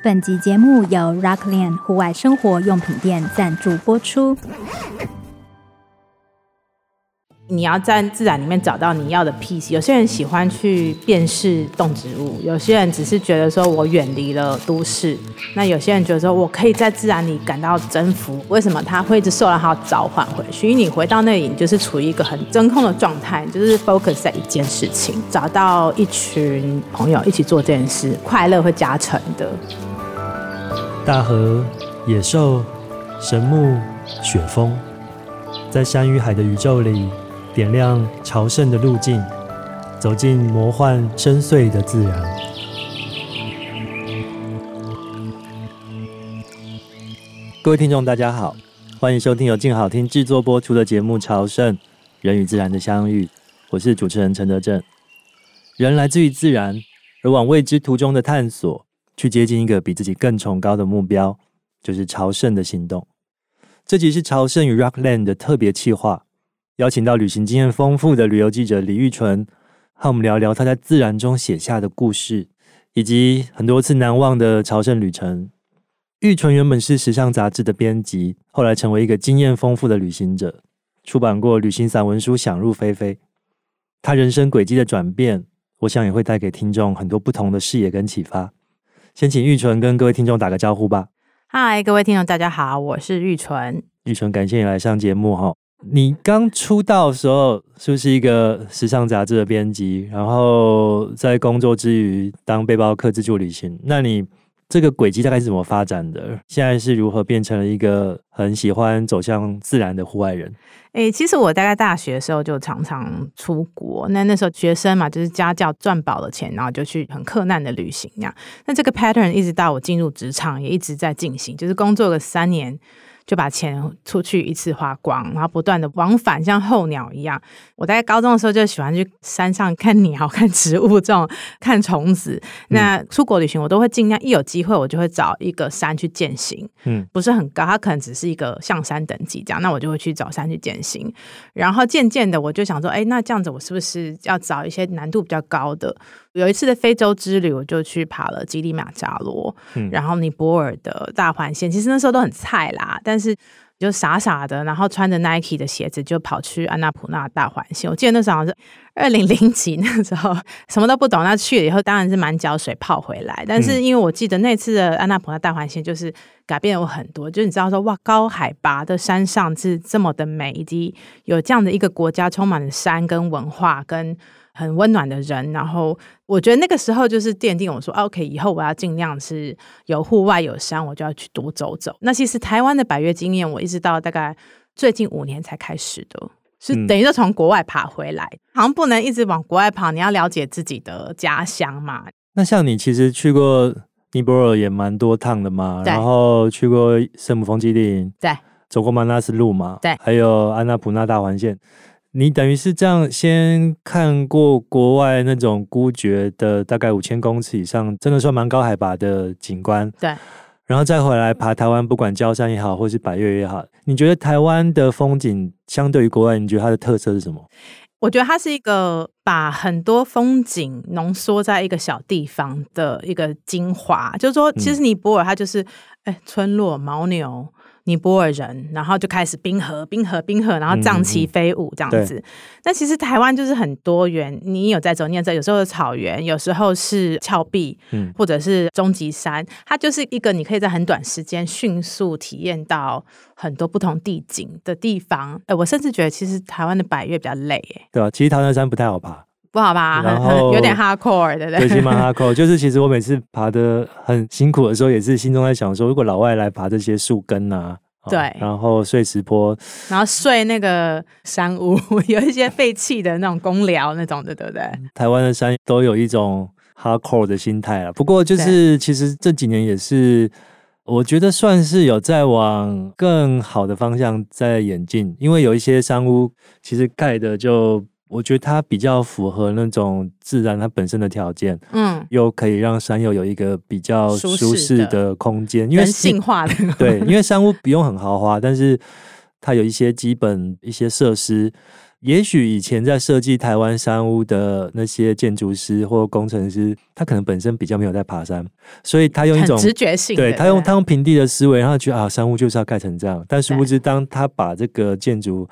本集節目由 Rockland 戶外生活用品店贊助播出。你要在自然裡面找到你要的 piece。有些人喜歡去辨識動植物，有些人只是覺得說我遠離了都市。那有些人覺得說我可以在自然裡感到征服。為什麼他會一直受到他的召喚回去？因為你回到那裡你就是處於一個很真空的狀態，就是 focus 在一件事情，找到一群朋友一起做這件事，快樂會加成的。大河、野獸、神木、雪峰，在山與海的宇宙裡點亮朝聖的路徑，走進魔幻深邃的自然。各位聽眾，大家好，歡迎收聽由靜好聽製作播出的節目《朝聖：人與自然的相遇》，我是主持人陳德正。人來自於自然，而往未知途中的探索。去接近一個比自己更崇高的目標，就是朝聖的行動。這集是朝聖與 Rockland 的特別企劃，邀請到旅行經驗豐富的旅遊記者李郁淳，和我們聊聊他在自然中寫下的故事，以及很多次難忘的朝聖旅程。郁淳原本是時尚雜誌的編輯，後來成為一個經驗豐富的旅行者，出版過旅行散文書《想入非非》。他人生軌跡的轉變，我想也會帶給聽眾很多不同的視野跟啟發。先請郁淳跟各位聽眾打個招呼吧。嗨，各位聽眾，大家好，我是郁淳。郁淳，感謝你來上節目哈。你剛出道的時候是不是一個時尚雜誌的編輯？然後在工作之餘當背包客自助旅行？那你。這個軌跡大概是怎麼發展的？現在是如何變成了一個很喜歡走向自然的戶外人？欸，其實我大概大學的時候就常常出國，那那時候學生嘛，就是家教賺飽了錢，然後就去很克難的旅行一樣。那這個 pattern 一直到我進入職場也一直在進行，就是工作了三年。就把錢出去一次花光，然後不斷的往返，像候鳥一樣。我在高中的時候就喜歡去山上看鳥、看植物種，這種看蟲子。嗯、那出國旅行，我都會盡量一有機會，我就會找一個山去健行。嗯，不是很高，它可能只是一個象山等級這樣，那我就會去找山去健行。然後漸漸的，我就想說，誒、欸，那這樣子，我是不是要找一些難度比較高的？有一次的非洲之旅，我就去爬了吉力馬扎羅，嗯、然後尼泊爾的大環線。其實那時候都很菜啦，但是就傻傻的，然後穿着 Nike 的鞋子就跑去安納普納的大環線。我記得那時候好像是二零零幾，那時候什麼都不懂，那去了以後當然是滿腳水泡回來。但是因為我記得那次的安納普納大環線就是改變了我很多，就是你知道說哇，高海拔的山上是這麼的美麗，有這樣的一個國家充滿了山跟文化跟。很溫暖的人，然後我覺得那個時候就是奠定我說 OK，以後我要盡量是有戶外有山，我就要去多走走。那其實台灣的百岳經驗，我一直到大概最近五年才開始的，是等於說從國外爬回來，嗯、好像不能一直往國外跑，你要了解自己的家鄉嘛。那像你其實去過尼泊爾也蠻多趟的嘛，對然後去過聖母峰基地營對，走過馬納斯路嘛，對，還有安納普納大環線。你等於是這樣，先看過國外那種孤絕的大概五千公尺以上，真的算蠻高海拔的景觀。對，然後再回來爬台灣，不管郊山也好，或是百岳也好，你覺得台灣的風景相對於國外，你覺得它的特色是什麼？我覺得它是一個把很多風景濃縮在一個小地方的一個精華。就是說，其實尼泊爾它就是，嗯、哎，村落、犛牛。尼泊爾人，然後就開始冰河、冰河、冰河，然後藏旗飛舞這樣子。嗯嗯、那其實台灣就是很多元，你有在走念在有時候是草原，有時候是峭壁，嗯，或者是中級山，嗯、它就是一個你可以在很短時間迅速體驗到很多不同地景的地方。哎，我甚至覺得其實台灣的百岳比較累，哎，對吧、啊？其實台灣山不太好爬，不好爬，後 有點 hardcore 的，最起碼 hardcore 就是其實我每次爬的很辛苦的時候，也是心中在想說，如果老外來爬這些樹根啊。對，然後睡石坡，然後睡那個山屋，有一些廢棄的那種工寮那種的，對不對？嗯、台灣的山都有一種 hardcore 的心態啦。不過就是對其實這幾年也是，我覺得算是有在往更好的方向在演進，嗯、因為有一些山屋其實蓋的就。我覺得它比較符合那種自然它本身的條件，嗯，又可以讓山友有一個比較舒適的空間，因為人性化的 對，因為山屋不用很豪華， 但是它有一些基本一些設施。也許以前在設計台灣山屋的那些建築師或工程師，他可能本身比較沒有在爬山，所以他用一種直覺性，對，他用他用平地的思維，然後覺得啊，山屋就是要蓋成這樣，但殊不知當他把這個建築。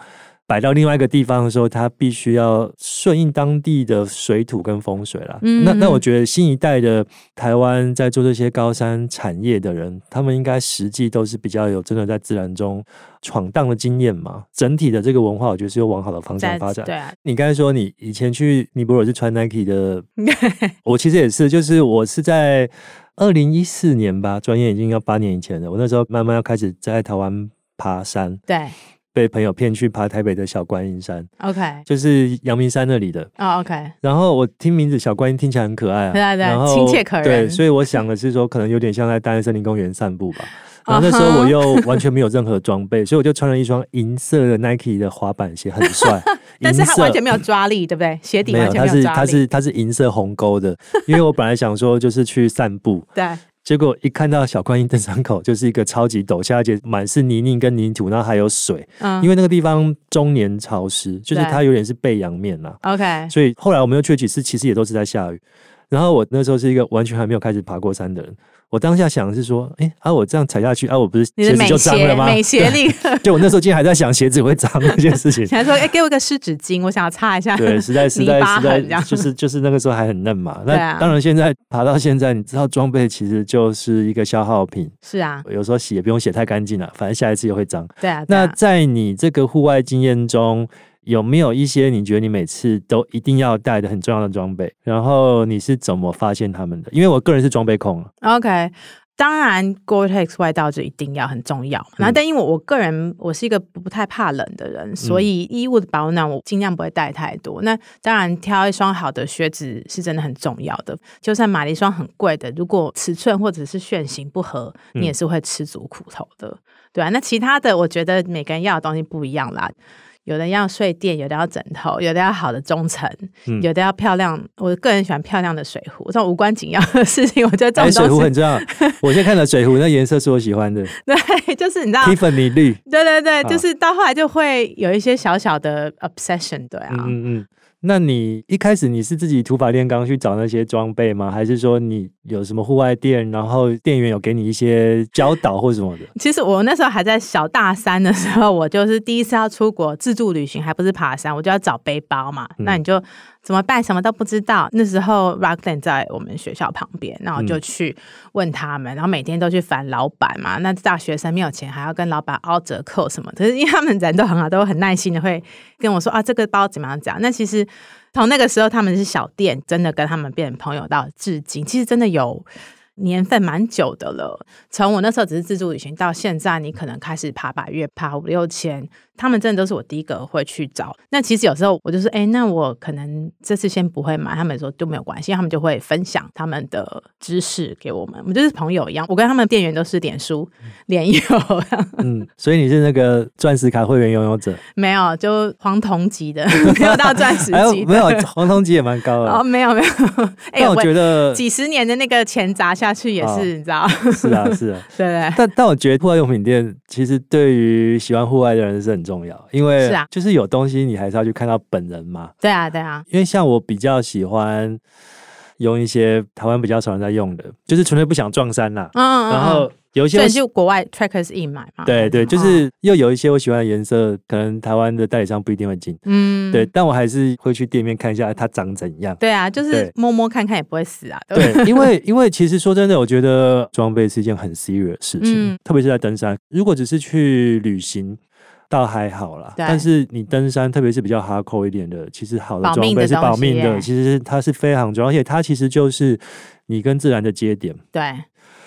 擺到另外一個地方的時候，他必須要順應當地的水土跟風水啦。嗯嗯，那那我覺得新一代的台灣在做這些高山產業的人，他們應該實際都是比較有真的在自然中闖蕩的經驗嘛。整體的這個文化，我覺得是有往好的方向發展。對，對啊，你剛才說你以前去尼泊爾是穿 Nike 的， 我其實也是，就是我是在二零一四年吧，轉眼已經要八年以前了。我那時候慢慢要開始在台灣爬山，對。被朋友騙去爬台北的小觀音山，OK，就是陽明山那裡的啊、oh,，OK。然後我聽名字“小觀音”聽起來很可愛啊，對對對，親後切可人。對，所以我想的是說，可能有點像在大安森林公園散步吧。然後那時候我又完全沒有任何裝備， 所以我就穿了一雙銀色的 Nike 的滑板鞋，很帥。 但是它完全沒有抓力，色 對不對？鞋底沒有,沒有，它是它是它是銀色紅勾的， 因為我本來想說就是去散步。對。結果一看到小觀音登山口，就是一個超級陡下，而且滿是泥濘跟泥土，然後還有水。嗯，因為那個地方終年潮濕，就是它有點是背陽面吶。OK，所以後來我們又去了幾次，其實也都是在下雨。然後我那時候是一個完全還沒有開始爬過山的人，我當下想的是說，哎，啊，我這樣踩下去，啊，我不是鞋子就髒了嗎？你沒鞋力了。就我那時候竟然還在想鞋子會髒那件事情，還說，哎、欸，給我個濕紙巾，我想要擦一下。對，實在實在實在，就是就是那個時候還很嫩嘛。 那當然，現在爬到現在，你知道裝備其實就是一個消耗品。是啊，有時候洗也不用洗太乾淨了啊，反正下一次也會髒。對啊，對啊。那在你這個戶外經驗中。有沒有一些你覺得你每次都一定要帶的很重要的裝備？然後你是怎麼發現他們的？因為我個人是裝備控 OK，當然 Gore-Tex 外套就一定要很重要。嗯、但因為我，我個人我是一個不太怕冷的人，所以衣物的保暖我盡量不會帶太多。嗯、那當然，挑一雙好的靴子是真的很重要的。就算買了一雙很貴的，如果尺寸或者是楦型不合，你也是會吃足苦頭的，嗯、對啊，那其他的，我覺得每個人要的東西不一樣啦。有的要睡墊，有的要枕頭，有的要好的中層，嗯、有的要漂亮。我個人喜歡漂亮的水壺，這種無關緊要的事情，我覺得這種水壺很重要。 我先看了水壺，那顏色是我喜歡的。對，就是你知道。蒂芙尼綠。對對對，就是到後來就會有一些小小的 obsession，啊、對啊。嗯嗯。那你一開始你是自己土法煉鋼去找那些裝備嗎？還是說你有什麼戶外店，然後店員有給你一些教導或什麼的？其實我那時候還在小大三的時候，我就是第一次要出國自助旅行，還不是爬山，我就要找背包嘛。嗯，那你就怎麼辦？什麼都不知道。那時候 Rockland 在我們學校旁邊，然後就去問他們，然後每天都去煩老闆嘛。那大學生沒有錢還要跟老闆凹折扣什麼的，可是因為他們人都很好，都很耐心的會跟我說啊，這個包怎麼樣講？那其實。從那個時候，他們是小店，真的跟他們變成朋友到至今，其實真的有。年份蠻久的了，從我那時候只是自助旅行到現在，你可能開始爬百岳爬五六千，他們真的都是我第一個會去找。那其實有時候我就說，哎、欸，那我可能這次先不會買。他們說都沒有關係，他們就會分享他們的知識給我們，我們就是朋友一樣。我跟他們店員都是臉書臉友。嗯，有嗯，所以你是那個鑽石卡會員擁有者？沒有，就黃銅級的， 沒有到鑽石級。級、哎。沒有黃銅級也蠻高的。哦，沒有沒有。哎， 我覺得、欸、我幾十年的那個錢砸下。下去也是，你知道、哦？是啊，是啊， 對對但。但但我覺得戶外用品店其實對於喜歡戶外的人是很重要，因為是啊，就是有東西你還是要去看到本人嘛。對啊，對啊。因為像我比較喜歡用一些台灣比較少人在用的，就是純粹不想撞衫啦，啊。嗯，嗯，嗯。然後。有一些所以就國外 trackers in 買嘛，對對，就是又有一些我喜歡的顏色，哦、可能台灣的代理商不一定會進，嗯，對，但我還是會去店面看一下它長怎樣。對啊，就是對摸摸看看也不會死啊。對，對，因為因為其實說真的，我覺得裝備是一件很 serious、er、的事情，嗯、特別是在登山。如果只是去旅行，倒還好啦。對但是你登山，特別是比較 hardcore 一點的，其實好的裝備是保命的。命的其實它是非常重要，而且它其實就是你跟自然的接點。對。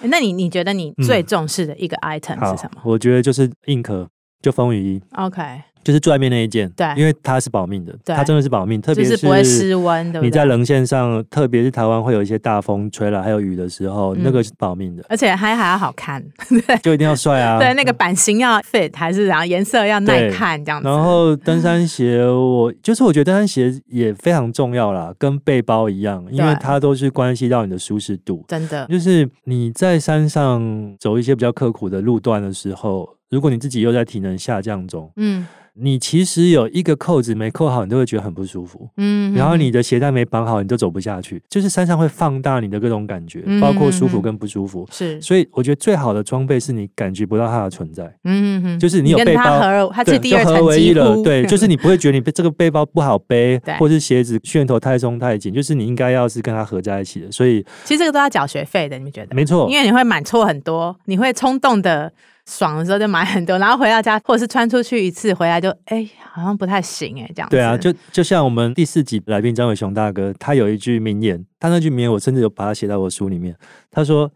欸，那你你覺得你最重視的一個 item 是什麼？嗯，我覺得就是硬殼，就風雨衣。OK。就是最外面那一件，對，因為它是保命的，它真的是保命，特別是不會失溫的。你在稜線上，特別是台灣會有一些大風吹了還有雨的時候，那個是保命的，而且還還要好看，對，就一定要帥啊。對，那個版型要 fit，還是然後顏色要耐看這樣。然後登山鞋，我就是我覺得登山鞋也非常重要啦，跟背包一樣，因為它都是關係到你的舒適度。真的，就是你在山上走一些比較刻苦的路段的時候，如果你自己又在體能下降中，嗯。你其實有一個釦子沒扣好，你都會覺得很不舒服。嗯哼，然後你的鞋帶沒綁好，你都走不下去。就是山上會放大你的各種感覺，包括舒服跟不舒服。嗯、哼哼是，所以我覺得最好的裝備是你感覺不到它的存在。嗯嗯嗯，就是你有背包，它是對第二就合為一了。對， 就是你不會覺得你這個背包不好背，對或是鞋子楦頭太鬆太緊。就是你應該要是跟它合在一起的。所以其實這個都要繳學費的，你們覺得？沒錯，因為你會買錯很多，你會衝動的。爽的時候就買很多，然後回到家或者是穿出去一次，回來就哎、欸、好像不太行哎這樣子。對啊，就就像我們第四集來賓張偉雄大哥，他有一句名言，他那句名言我甚至有把它寫在我書裡面。他說：“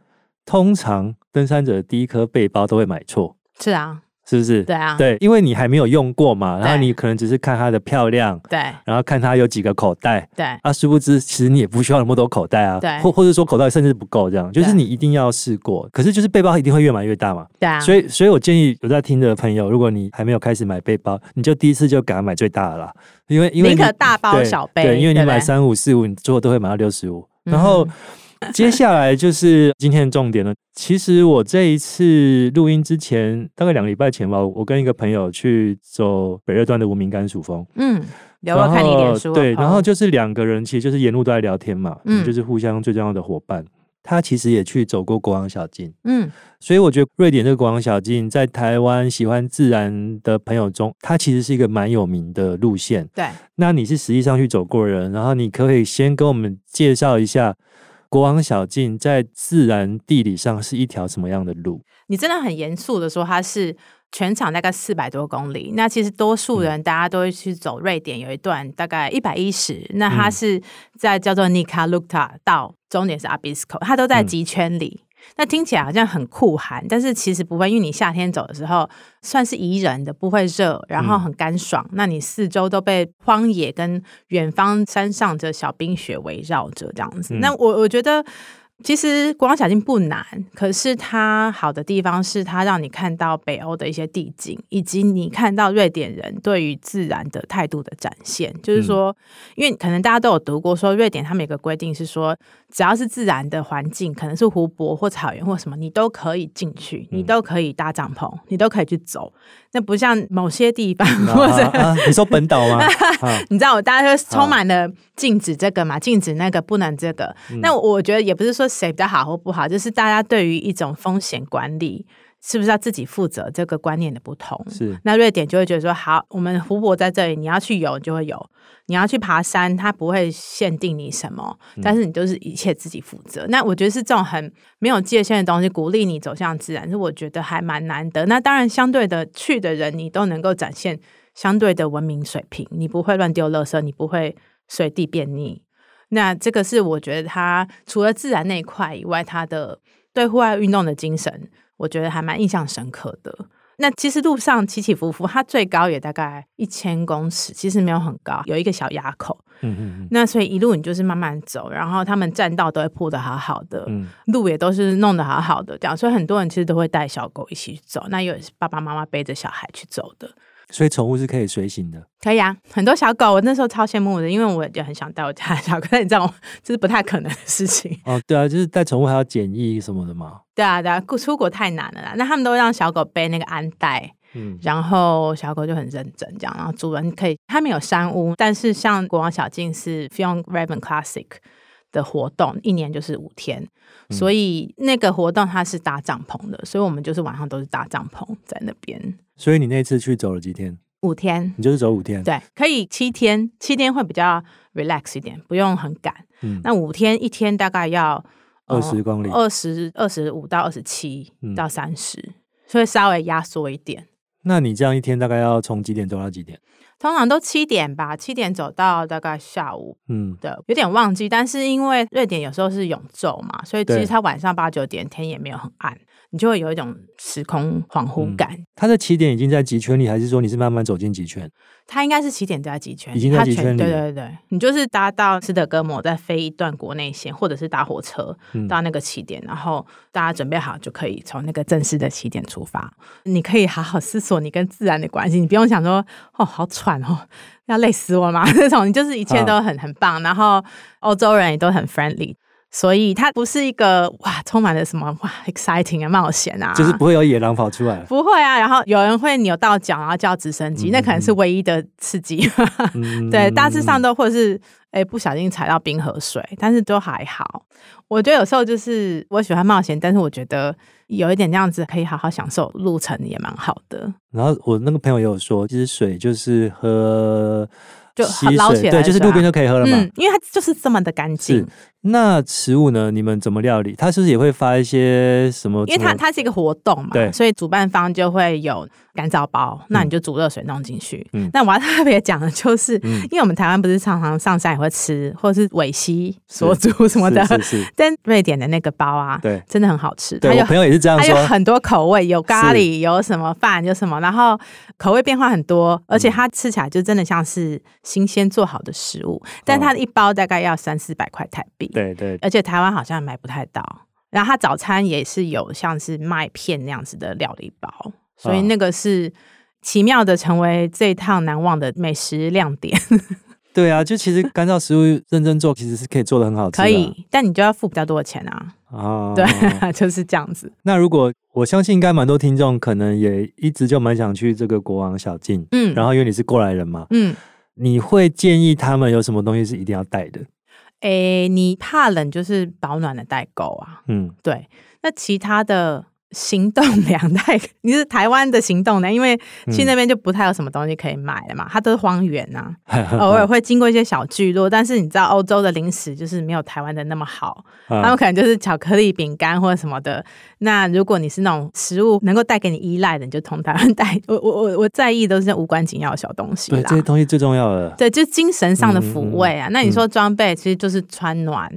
通常登山者的第一顆背包都會買錯。”是啊。是不是？對啊對，因為你還沒有用過嘛，然後你可能只是看它的漂亮，對，然後看它有幾個口袋，對，啊，殊不知其實你也不需要那麼多口袋啊，對或或者說口袋甚至不夠這樣，就是你一定要試過。可是就是背包一定會越買越大嘛，對啊，所以所以我建議有在聽的朋友，如果你還沒有開始買背包，你就第一次就給他買最大的啦，因為因為大包小背，對，因為你買三五四五，你最後都會買到六十五，然後。嗯 接下來就是今天的重點了。其實我這一次錄音之前，大概兩個禮拜前吧，我跟一個朋友去走北二段的無名甘薯峰。嗯，看然後對，然後就是兩個人，其實就是沿路都在聊天嘛。嗯、哦，就是互相最重要的夥伴。他其實也去走過國王小徑。嗯，所以我覺得瑞典這個國王小徑在台灣喜歡自然的朋友中，他其實是一個蠻有名的路線。對，那你是實際上去走過的人，然後你可以先跟我們介紹一下。國王小徑在自然地理上是一條什麼樣的路？你真的很嚴肅的說，它是全場大概四百多公里。那其實多數人大家都會去走瑞典有一段、嗯、大概一百一十，那它是在叫做尼卡魯塔到終點是阿比斯 s 它都在極圈裡。嗯那聽起來好像很酷寒，但是其實不會，因為你夏天走的時候算是宜人的，不會熱，然後很乾爽。嗯、那你四周都被荒野跟遠方山上的小冰雪圍繞着，這樣子。嗯、那我我覺得。其實光小徑不難，可是它好的地方是它讓你看到北歐的一些地景，以及你看到瑞典人對於自然的態度的展現。就是說，嗯、因為可能大家都有讀過說，說瑞典他們有個規定是說，只要是自然的環境，可能是湖泊或草原或什麼，你都可以進去，嗯、你都可以搭帳篷，你都可以去走。那不像某些地方，或者、嗯啊啊啊、你說本島嗎？啊、 你知道我大家就充滿了禁止這個嘛，好禁止那個，不能這個。嗯、那我覺得也不是說。誰比較好或不好，就是大家對於一種風險管理是不是要自己負責這個觀念的不同。是，那瑞典就會覺得說，好，我們湖泊在這裡，你要去游就會有，你要去爬山，他不會限定你什麼，但是你就是一切自己負責。嗯，那我覺得是這種很沒有界限的東西，鼓勵你走向自然，是我覺得還蠻難得。那當然，相對的去的人，你都能夠展現相對的文明水平，你不會亂丟垃圾，你不會隨地便溺。那這個是我覺得他除了自然那一塊以外，他的對戶外運動的精神，我覺得還蠻印象深刻的。那其實路上起起伏伏，它最高也大概一千公尺，其實沒有很高，有一個小埡口。嗯嗯。那所以一路你就是慢慢走，然後他們棧道都會鋪得好好的，路也都是弄得好好的這樣，所以很多人其實都會帶小狗一起走，那有爸爸媽媽背着小孩去走的。所以寵物是可以隨行的？可以啊。很多小狗，我那時候超羨慕我的，因為我就很想帶我家小狗，但你知道，這是不太可能的事情哦。對啊，就是帶寵物還要檢疫什麼的嘛。對啊，對啊，出國太難了啦。那他們都讓小狗背那個安帶，嗯，然後小狗就很認真這樣，然後主人可以。他們有山屋，但是像國王小徑是 Fjällräven Classic 的活動，一年就是五天，嗯、所以那個活動它是搭帳篷的，所以我們就是晚上都是搭帳篷在那邊。所以你那次去走了幾天？五天，你就是走五天？對，可以七天，七天會比較 relax 一點，不用很趕。嗯，那五天一天大概要呃、二十公里，二十二十五到二十七到三十，所以稍微壓縮一點。那你這樣一天大概要從幾點走到幾點？通常都七點吧，七點走到大概下午，嗯，對，有點忘記。但是因為瑞典有時候是永晝嘛，所以其實它晚上八九點對天也沒有很暗，你就會有一種時空恍惚感。嗯，它的起點已經在極圈裡，還是說你是慢慢走進極圈？他應該是起點加幾圈。他全對對對，你就是搭到斯德哥爾摩，再飛一段國內線，或者是搭火車到那個起點，然後大家準備好就可以從那個正式的起點出發。嗯、你可以好好思索你跟自然的關係，你不用想說哦，好喘哦，要累死我嗎？這 種你就是一切都很、啊、很棒，然後歐洲人也都很 friendly。所以它不是一個哇，充滿了什麼哇，exciting 的冒險啊，冒險啊，就是不會有野狼跑出來，不會啊。然後有人會扭到腳，然後叫直升機，嗯、那可能是唯一的刺激。嗯、 對，大致上都會是哎、欸、不小心踩到冰河水，但是都還好。我覺得有時候就是我喜歡冒險，但是我覺得有一點那樣子可以好好享受路程也蠻好的。然後我那個朋友也有說，就是水就是喝，就洗水撈起來、啊、對，就是路邊就可以喝了嘛、嗯，因為它就是這麼的乾淨。那食物呢？你們怎麼料理？他是不是也會發一些什麼？因為它它是一個活動嘛，所以主辦方就會有乾燥包，那你就煮熱水弄進去。那我要特別講的就是，因為我們台灣不是常常上山也會吃，或者是尾西所煮什麼的，但瑞典的那個包啊，對，真的很好吃。我朋友也是這樣說，它有很多口味，有咖喱，有什麼飯，有什麼，然後口味變化很多，而且它吃起來就真的像是新鮮做好的食物，但它一包大概要三四百塊台幣。對對，而且台灣好像買不太到，然後它早餐也是有像是麥片那樣子的料理包，哦、所以那個是奇妙的成為這一趟難忘的美食亮點。對啊，就其實乾燥食物認真做其實是可以做得很好吃，啊，可以，但你就要付比較多的錢啊。啊、哦，對，就是這樣子。那如果我相信應該蠻多聽眾可能也一直就蠻想去這個國王小徑，嗯，然後因為你是過來人嘛，嗯，你會建議他們有什麼東西是一定要帶的？誒、欸，你怕冷就是保暖的代購啊。嗯，對。那其他的。行動糧帶，你是台灣的行動糧。因為去那邊就不太有什麼東西可以買了嘛，嗯、它都是荒原吶、啊，偶爾會經過一些小聚落， 但是你知道歐洲的零食就是沒有台灣的那麼好，他們可能就是巧克力、餅乾或者什麼的。嗯、那如果你是那種食物能夠帶給你依賴的，你就從台灣帶。我我我我在意都是無關緊要的小東西，對，這些東西最重要的。對，就精神上的撫慰啊。嗯嗯嗯、那你說裝備，其實就是穿暖。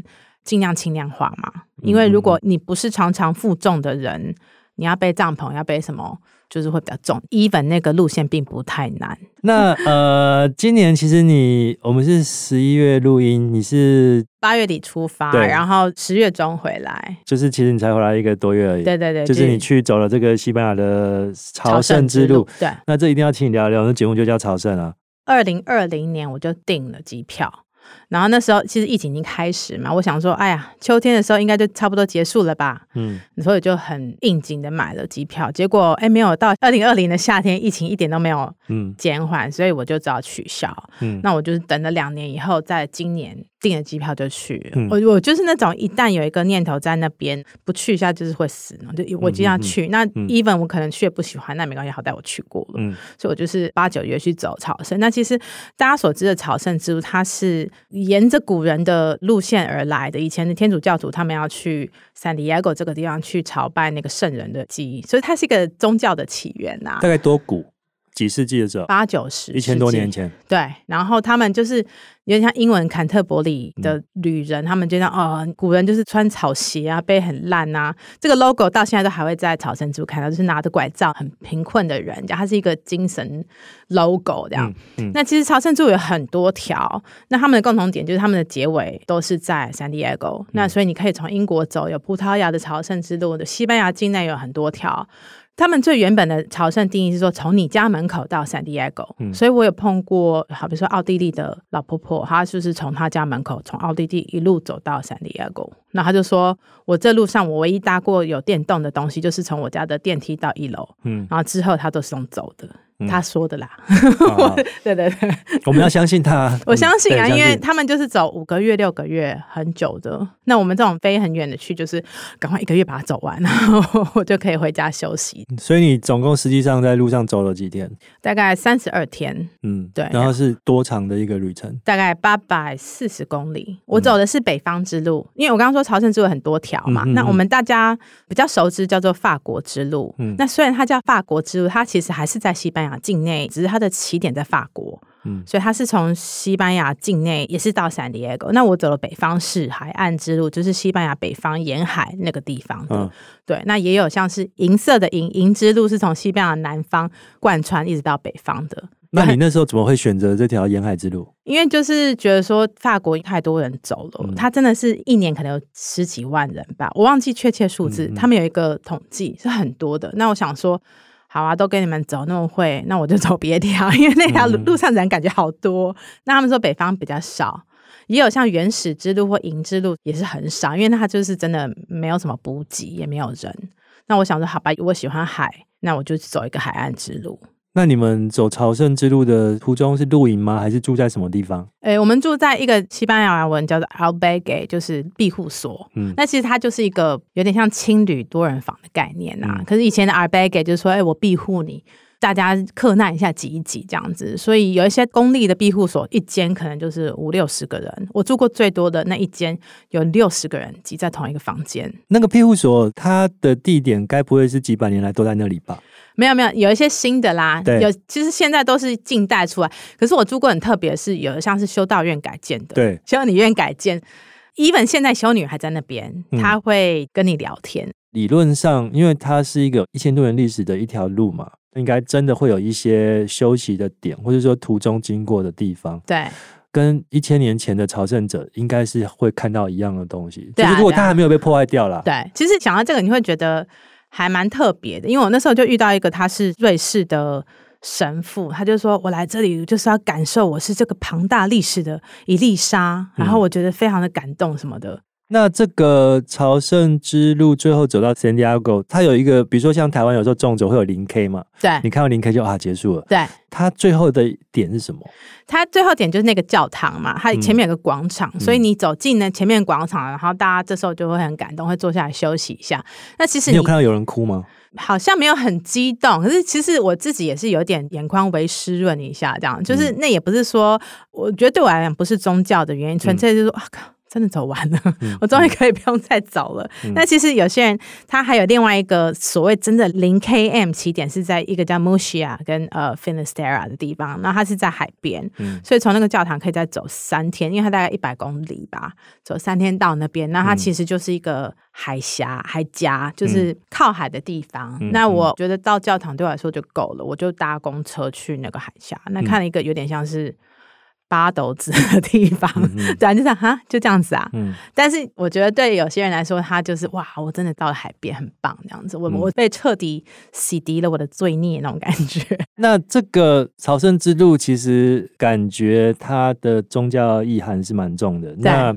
盡量輕量化嘛，因為如果你不是常常負重的人，嗯、你要背帳篷，要背什麼，就是會比較重。Even 那個路線並不太難。那呃，今年其實你我們是十一月錄音，你是八月底出發，對然後十月中回來，就是其實你才回來一個多月而已。對對對，就是你去走了這個西班牙的朝聖之、之路。對，那這一定要請你聊聊，那節目就叫朝聖了、啊。二零二零年我就訂了機票。然後那時候其實疫情已經開始嘛，我想說，哎呀，秋天的時候應該就差不多結束了吧，嗯，所以就很應景的買了機票，結果哎，沒有到二零二零的夏天，疫情一點都沒有減緩，嗯、所以我就只好取消，嗯，那我就等了兩年以後，在今年訂的機票就去，我、嗯、我就是那種一旦有一個念頭在那邊不去一下就是會死，就我就要去，嗯嗯嗯、那 even 我可能去也不喜歡，那沒關係，好歹我去過了，嗯，所以我就是八九月去走朝聖，那其實大家所知的朝聖之路，它是。沿着古人的路線而來的，以前的天主教徒他們要去聖地亞哥這個地方去朝拜那個聖人的記憶，所以它是一個宗教的起源吶啊。大概多古？幾世紀的時候，八九十，一千多年前，對。然後他們就是，有點像英文《坎特伯里》的旅人，嗯、他們就像，哦。古人就是穿草鞋啊，背很爛啊。這個 logo 到現在都還會在朝聖之路看到，就是拿着拐杖，很貧困的人，他是一個精神 logo 這樣。嗯嗯、那其實朝聖之路有很多條，那他們的共同點就是他們的結尾都是在 Santiago、嗯。那所以你可以從英國走，有葡萄牙的朝聖之路的，有西班牙境內有很多條。他們最原本的朝聖定義是說，從你家門口到聖地亞哥。所以我有碰過，好比如說奧地利的老婆婆，她就是從她家門口，從奧地利一路走到聖地亞哥。那她就說，我這路上我唯一搭過有電動的東西，就是從我家的電梯到一樓。嗯，然後之後她都是用走的。嗯。他說的啦、嗯，好好 對對對，我們要相信他。我相信啊，嗯、因為他們就是走五個月、六個月很久的。那我們這種飛很遠的去，就是趕快一個月把它走完，然後我就可以回家休息。所以你總共實際上在路上走了幾天？大概三十二天。嗯，對。然後是多長的一個旅程？大概八百四十公里。我走的是北方之路，嗯、因為我剛剛說朝聖之路很多條嘛。嗯嗯嗯，那我們大家比較熟知叫做法國之路。嗯，那雖然它叫法國之路，它其實還是在西班。境內只是它的起點在法國，嗯，所以它是從西班牙境內也是到聖地亞哥。那我走了北方是海岸之路，就是西班牙北方沿海那個地方的，嗯、對。那也有像是銀色的銀銀之路，是從西班牙南方貫穿一直到北方的。那你那時候怎麼會選擇這條沿海之路？ 因為就是覺得說法國太多人走了，嗯、它真的是一年可能有十幾萬人吧，我忘記確切數字，他、嗯嗯、們有一個統計是很多的。那我想說。好啊，都跟你們走那麼會，那我就走別條，因為那條路，路上人感覺好多。那他們說北方比較少，也有像原始之路或銀之路也是很少，因為那它就是真的沒有什麼補給，也沒有人。那我想說，好吧，我喜歡海，那我就走一個海岸之路。那你們走朝聖之路的途中是露營嗎？還是住在什麼地方？欸，我們住在一個西班牙文叫做 albergue，就是庇護所。嗯，那其實它就是一個有點像青旅多人房的概念吶、啊。嗯，可是以前的 albergue 就是說、欸，我庇護你。大家克難一下擠一擠這樣子，所以有一些公立的庇護所，一間可能就是五六十個人。我住過最多的那一間有六十個人擠在同一個房間。那個庇護所它的地點該不會是幾百年來都在那裡吧？沒有沒有，有一些新的啦。對有，其實現在都是近代出來。可是我住過很特別，是有的像是修道院改建的。對，修道院改建，Even 現在修女還在那邊，她，嗯、會跟你聊天。理論上，因為它是一個一千多年歷史的一條路嘛。應該真的會有一些休息的點，或者說途中經過的地方。對，跟一千年前的朝聖者應該是會看到一樣的東西。對啊，如果它還沒有被破壞掉了，啊啊。對，其實講到這個，你會覺得還蠻特別的，因為我那時候就遇到一個，他是瑞士的神父，他就說，我來這裡就是要感受我是這個龐大歷史的一粒沙，然後我覺得非常的感動什麼的。嗯那這個朝聖之路最後走到聖地亞哥它有一個，比如說像台灣有時候縱走會有零 K 嘛。對，你看到零 K 就啊結束了。對，它最後的點是什麼？它最後點就是那個教堂嘛，它前面有個廣場，嗯、所以你走進了前面廣場，然後大家這時候就會很感動，會坐下來休息一下。那其實你，你有看到有人哭嗎？好像沒有很激動，可是其實我自己也是有點眼眶微濕潤一下這樣，就是那也不是說，我覺得對我來講不是宗教的原因，純粹就是啊真的走完了，嗯嗯、我終於可以不用再走了。那、嗯、其實有些人他還有另外一個所謂真的零 K M 起點是在一個叫 Mushia 跟呃 Finisterre 的地方，那他是在海邊，嗯、所以從那個教堂可以再走三天，因為他大概一百公里吧，走三天到那邊。那他其實就是一個海峽、海岬，就是靠海的地方。嗯嗯嗯、那我覺得到教堂對我來說就夠了，我就搭公車去那個海峽，那看了一個有點像是。八斗子的地方、嗯哼 對，然後就這樣，哈，就這樣子啊。嗯，但是我覺得對有些人來說，他就是哇，我真的到了海邊，很棒這樣子。我我被徹底洗滌了，我的罪孽那種感覺。嗯、 那這個朝聖之路，其實感覺它的宗教意涵是蠻重的。對 那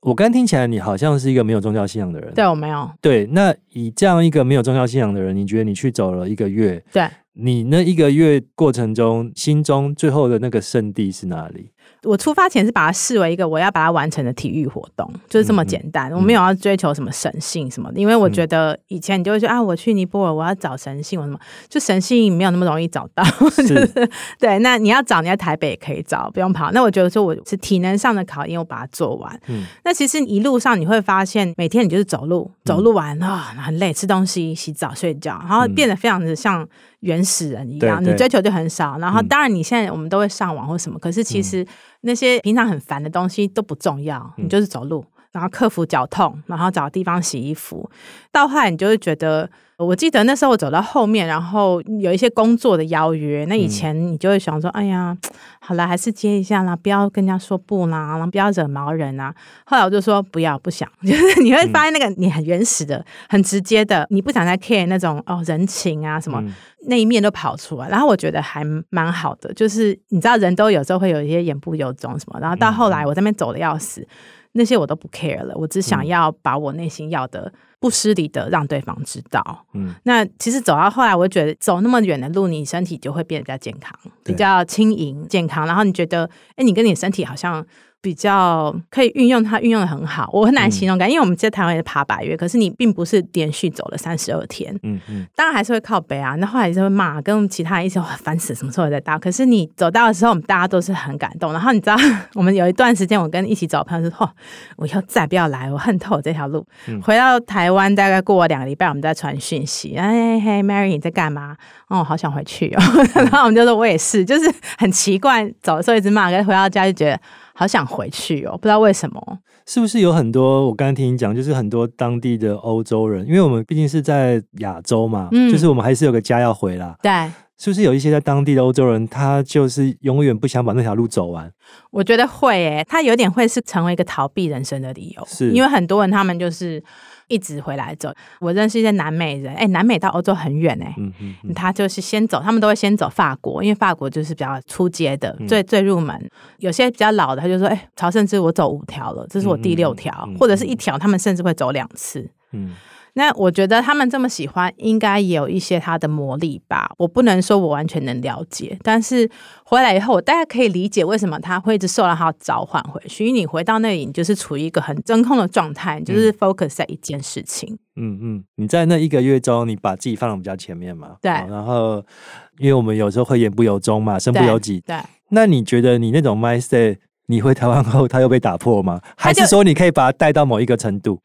我剛聽起來，你好像是一個沒有宗教信仰的人。對，我沒有。對，那以這樣一個沒有宗教信仰的人，你覺得你去走了一個月，對？你那一個月過程中，心中最後的那個聖地是哪裡？我出發前是把它視為一個我要把它完成的體育活動，就是這麼簡單。嗯嗯、我沒有要追求什麼神性什麼的，因為我覺得以前你就會說啊，我去尼泊爾，我要找神性，我什麼？就神性沒有那麼容易找到。是。 對，那你要找，你在台北也可以找，不用跑。那我覺得說我是體能上的考驗，我把它做完。嗯、那其實一路上你會發現，每天你就是走路，走路完啊、哦、很累，吃東西、洗澡、睡覺，然後變得非常的像原始人一樣，對對對，你追求就很少。然後當然你現在我們都會上網或什麼，可是其實。嗯那些平常很煩的東西都不重要，嗯、你就是走路，然後克服腳痛，然後找地方洗衣服，到後來你就會覺得。我記得那時候我走到後面，然後有一些工作的邀約。那以前你就會想說：“嗯、哎呀，好了，還是接一下啦，不要跟人家說不啦，然後不要惹毛人啊。”後來我就說：“不要，不想。”就是你會發現那個你很原始的、很直接的，嗯、你不想再 care 那種哦人情啊什麼、嗯、那一面都跑出來。然後我覺得還蠻好的，就是你知道人都有時候會有一些言不由衷什麼。然後到後來我在那邊走得要死，那些我都不 care 了，我只想要把我內心要的。不失禮的讓對方知道，嗯，那其實走到後來，我覺得走那麼遠的路，你身體就會變得更加健康，比較輕盈健康。然後你覺得，哎、欸，你跟你身體好像。比較可以運用，它運用得很好，我很難形容感，嗯、因為我們在台灣也是爬百岳。可是你並不是連續走了三十二天，嗯，嗯當然還是會靠北啊，那後，後來就會罵，跟我其他人一起哇煩死，什麼時候再到？可是你走到的時候，我們大家都是很感動。然後你知道，我們有一段時間，我跟一起走的朋友說，哦、我以後再不要來，我恨透我這條路。嗯、回到台灣大概過了兩個禮拜，我們在傳訊息，哎嘿，Mary 你在幹嘛？哦，好想回去哦。 然後我們就說我也是，就是很奇怪，走的時候一直罵，跟回到家就覺得。好想回去哦，不知道為什麼。是不是有很多？我剛剛聽你講，就是很多當地的歐洲人，因為我們畢竟是在亞洲嘛，嗯、就是我們還是有個家要回來。對，是不是有一些在當地的歐洲人，他就是永遠不想把那條路走完？我覺得會、欸，哎，他有點會是成為一個逃避人生的理由，是因為很多人他們就是。一直回來走，我認識一些南美人，誒、欸、南美到歐洲很遠誒、欸，嗯嗯嗯、他就是先走，他們都會先走法國，因為法國就是比較初階的，嗯、最最入門。有些比較老的，他就說，哎、欸，朝聖之路我走五條了，這是我第六條，嗯嗯嗯嗯、或者是一條，他們甚至會走兩次。嗯那我覺得他們這麼喜歡，應該也有一些他的魔力吧。我不能說我完全能了解，但是回來以後，我大概可以理解為什麼他會一直受到他召喚回去。因為你回到那裡，就是處於一個很真空的狀態，就是 focus 在一件事情。嗯嗯，嗯，你在那一個月中，你把自己放在比較前面嘛？對。然後，因為我們有時候會言不由衷嘛，身不由己。對。對。那你覺得你那種 mindset，你回台灣後，它又被打破嗎？還是說你可以把它帶到某一個程度？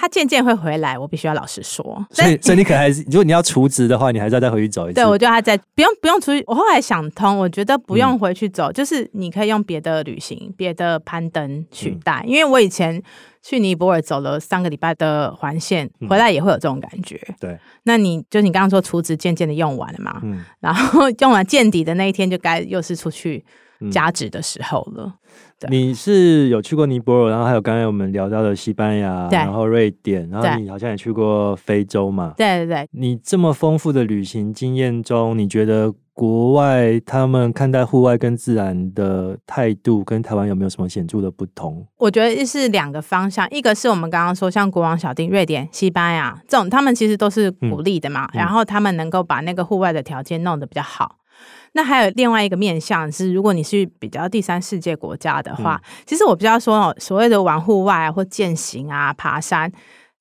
他漸漸會回來，我必須要老實說。所以，所以你可能還是，如果 你要儲值的話，你還是要再回去走一次。對，我就還在不用不用出去。我後來想通，我覺得不用回去走，嗯、就是你可以用別的旅行、別的攀登取代。嗯、因為我以前去尼泊爾走了三個禮拜的環線，嗯、回來也會有這種感覺。對，那你就你剛剛說儲值漸漸的用完了嘛，嗯，然後用完見底的那一天，就該又是出去，加值的時候了。嗯、對你是有去過尼泊爾，然後還有剛才我們聊到的西班牙，對然後瑞典，然後你好像也去過非洲嘛？對對對。你這麼豐富的旅行經驗中，你覺得國外他們看待戶外跟自然的態度，跟台灣有沒有什麼顯著的不同？我覺得是兩個方向，一個是我們剛剛說像國王小丁、瑞典、西班牙這種，他們其實都是鼓勵的嘛，嗯、然後他們能夠把那個戶外的條件弄得比較好。那還有另外一個面向是，如果你去比較第三世界國家的話，嗯、其實我比較說哦，所謂的玩戶外、啊、或健行啊、爬山，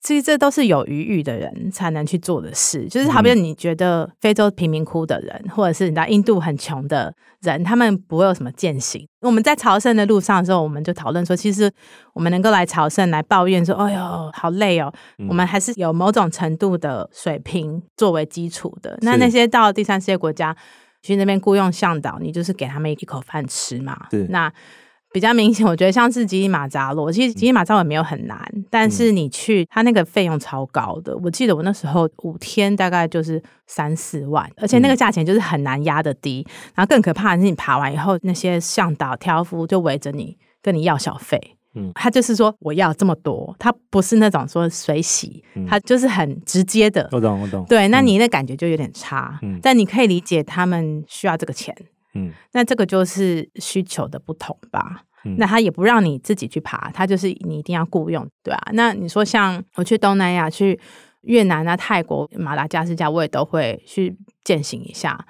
其實這都是有餘裕的人才能去做的事。就是好比你覺得非洲貧民窟的人，嗯、或者是你知道印度很窮的人，他們不會有什麼健行。我們在朝聖的路上的時候，我們就討論說，其實我們能夠來朝聖，來抱怨說：“哎呦，好累哦！”嗯、我們還是有某種程度的水平作為基礎的。是那那些到第三世界國家。去那邊雇用向導，你就是給他們一口飯吃嘛。是那比較明顯，我覺得像是吉力馬札羅。其實吉力馬札羅也沒有很難，嗯、但是你去它那個費用超高的。我記得我那時候五天大概就是三四萬，而且那個價錢就是很難壓得低。嗯、然後更可怕的是，你爬完以後，那些向導挑夫就圍着你跟你要小費。他就是說我要這麼多，他不是那種說隨喜，他就是很直接的。我懂，我懂。對，那你那感覺就有點差，但你可以理解他們需要這個錢。那這個就是需求的不同吧。那他也不讓你自己去爬，他就是你一定要雇用，對啊。那你說像我去東南亞，去越南啊、泰國、馬達加斯加，我也都會去健行一下。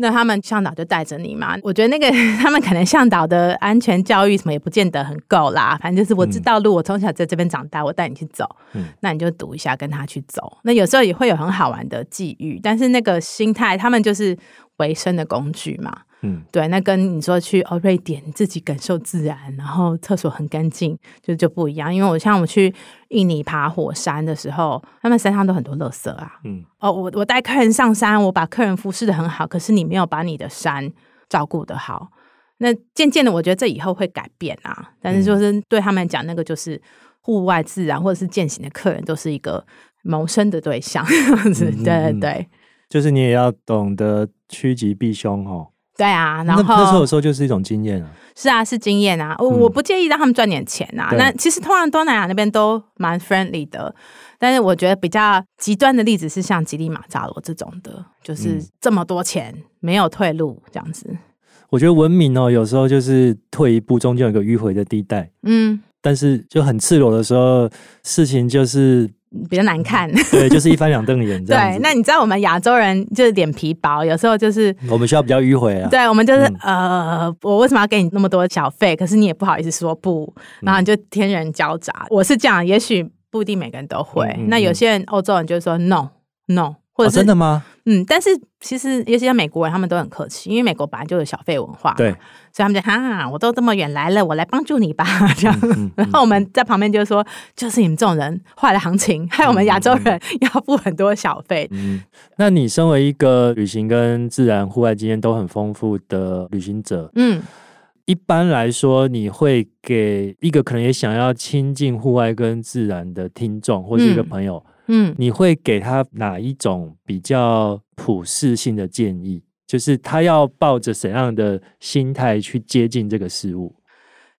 那他們嚮導就帶着你嘛，我覺得那個他們可能嚮導的安全教育什麼也不見得很夠啦，反正就是我知道路，嗯、我從小在這邊長大，我帶你去走，嗯、那你就讀一下跟他去走，那有時候也會有很好玩的際遇，但是那個心態他們就是維生的工具嘛。嗯，對，那跟你說去、哦、瑞典自己感受自然，然後廁所很乾淨，就就不一樣。因為我像我去印尼爬火山的時候，他們山上都很多垃圾啊。嗯，哦，我我帶客人上山，我把客人服侍得很好，可是你沒有把你的山照顧得好。那漸漸的，我覺得這以後會改變啊。但是就是對他們講，那個就是戶外自然或者是健行的客人，都是一個謀生的對象。對對、嗯、 對，對對就是你也要懂得趨吉避凶哦。對啊，然後、嗯、那，那時候有時候就是一種經驗啊。是啊，是經驗啊，哦嗯、我我不介意讓他們賺點錢啊。對那其實通常東南亞那邊都蠻 friendly 的，但是我覺得比較極端的例子是像吉利馬扎羅這種的，就是這麼多錢，嗯、沒有退路這樣子。我覺得文明哦，有時候就是退一步，中間有一個迂回的地帶。嗯，但是就很赤裸的時候，事情就是。比較難看，對，就是一翻兩瞪眼這樣子。 對，那你知道我們亞洲人就是臉皮薄，有時候就是我們需要比較迂迴啊。嗯、對，我們就是、嗯、呃，我為什麼要給你那麼多小費？可是你也不好意思說不，然後你就天人交雜。我是這樣，也許不一定每個人都會。嗯嗯嗯，那有些人歐洲人就是說 no、嗯、no，或者是、啊、真的嗎？嗯，但是其實尤其是像美國人，他們都很客氣，因為美國本來就有小費文化，對，所以他們就哈、啊，我都這麼遠來了，我來幫助你吧，這樣。嗯嗯嗯、然後我們在旁邊就說，就是你們這種人壞了行情，害我們亞洲人要付很多小費、嗯。嗯，那你身為一個旅行跟自然戶外經驗都很豐富的旅行者，嗯，一般來說你會給一個可能也想要親近戶外跟自然的聽眾，或是一個朋友。嗯嗯，你會給他哪一種比較普世性的建議？就是他要抱着怎樣的心態去接近這個事物？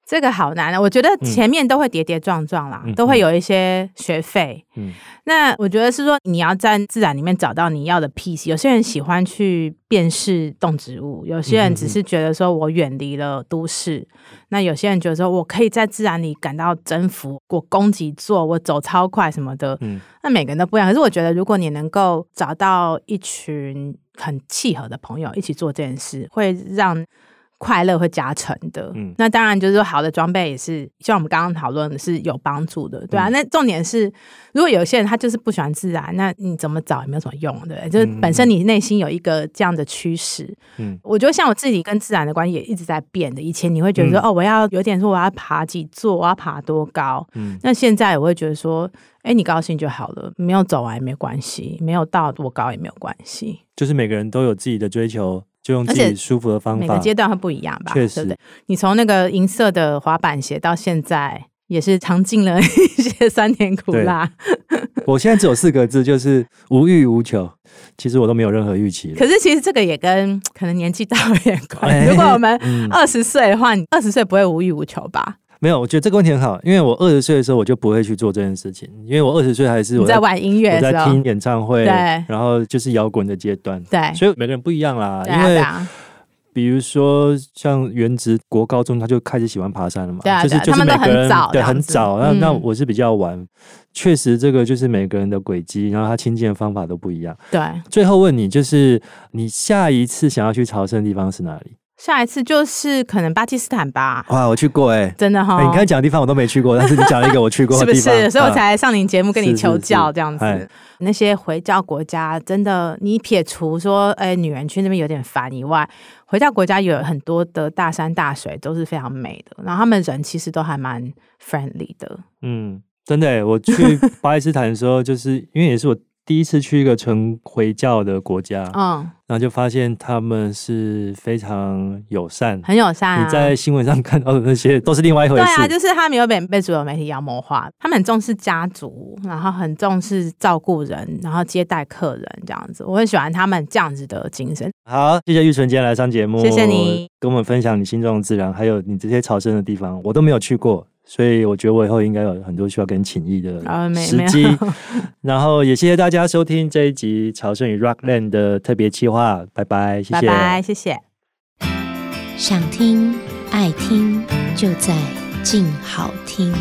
這個好難啊！我覺得前面都會跌跌撞撞啦，嗯、都會有一些學費。嗯嗯、那我覺得是說你要在自然裡面找到你要的 piece。有些人喜歡去辨識動植物，有些人只是覺得說我遠離了都市。嗯嗯嗯、那有些人覺得說我可以在自然裡感到征服，我攻頂，我走超快什麼的。嗯、那每個人都不一樣。可是我覺得，如果你能夠找到一群很契合的朋友一起做這件事，會讓。快樂會加成的。嗯、那當然就是說，好的裝備也是像我們剛剛討論的是有幫助的。對啊，嗯、那重點是，如果有些人他就是不喜歡自然，那你怎麼找也沒有什麼用，對不對？嗯、就是本身你內心有一個這樣的趨勢，嗯，我覺得像我自己跟自然的關係也一直在變的。以前你會覺得說，嗯、哦，我要有點說，我要爬幾座，我要爬多高，嗯，那現在我會覺得說，哎、欸，你高興就好了，沒有走完也沒關係，沒有到多高也沒有關係，就是每個人都有自己的追求。就用自己舒服的方法，每個階段會不一樣吧？確實對對，你從那個銀色的滑板鞋到現在，也是嘗盡了一些酸甜苦辣對。 我現在只有四個字，就是無欲無求。其實我都沒有任何預期了。可是，其實這個也跟可能年紀大了也有關。哎、如果我們二十歲的話，你二十、嗯、歲不會無欲無求吧？沒有，我覺得這個問題很好，因為我二十歲的時候我就不會去做這件事情，因為我二十歲還是我在在玩音樂，我在聽演唱會，對然後就是搖滾的階段，對，所以每個人不一樣啦，啊、因為樣比如說像原職國高中他就開始喜歡爬山了嘛，對、啊對啊、就是，就是每個人他們都很早，對，很早，嗯、那那我是比較晚，確實這個就是每個人的軌跡，然後他親近的方法都不一樣，對。最後問你，就是你下一次想要去朝聖的地方是哪裡？下一次就是可能巴基斯坦吧。哇，我去過哎、欸，真的哈、欸。你剛剛講的地方我都沒去過， 但是你講一個我去過的地方。是不是、啊、所以我才上你節目跟你求教這樣子？是是是，那些回教國家真的，你撇除說哎、欸、女人去那邊有點煩以外，回教國家有很多的大山大水都是非常美的，然後他們人其實都還蠻 friendly 的。嗯，真的、欸，我去巴基斯坦的時候，就是 因為也是我。第一次去一個純回教的國家，嗯，然後就發現他們是非常友善，很友善啊。你在新聞上看到的那些都是另外一回事，對啊，就是他們有被，被主流媒體妖魔化。他們很重視家族，然後很重視照顧人，然後接待客人這樣子，我很喜歡他們這樣子的精神。好，謝謝郁淳今天來上節目，謝謝你跟我們分享你心中的自然，還有你這些朝聖的地方，我都沒有去過。所以我覺得我以後應該有很多需要跟請益的時機，呃，然後也謝謝大家收聽這一集《朝聖與 Rockland》的特別企劃，拜拜，謝謝，拜拜，謝謝。想聽愛聽就在靜好聽。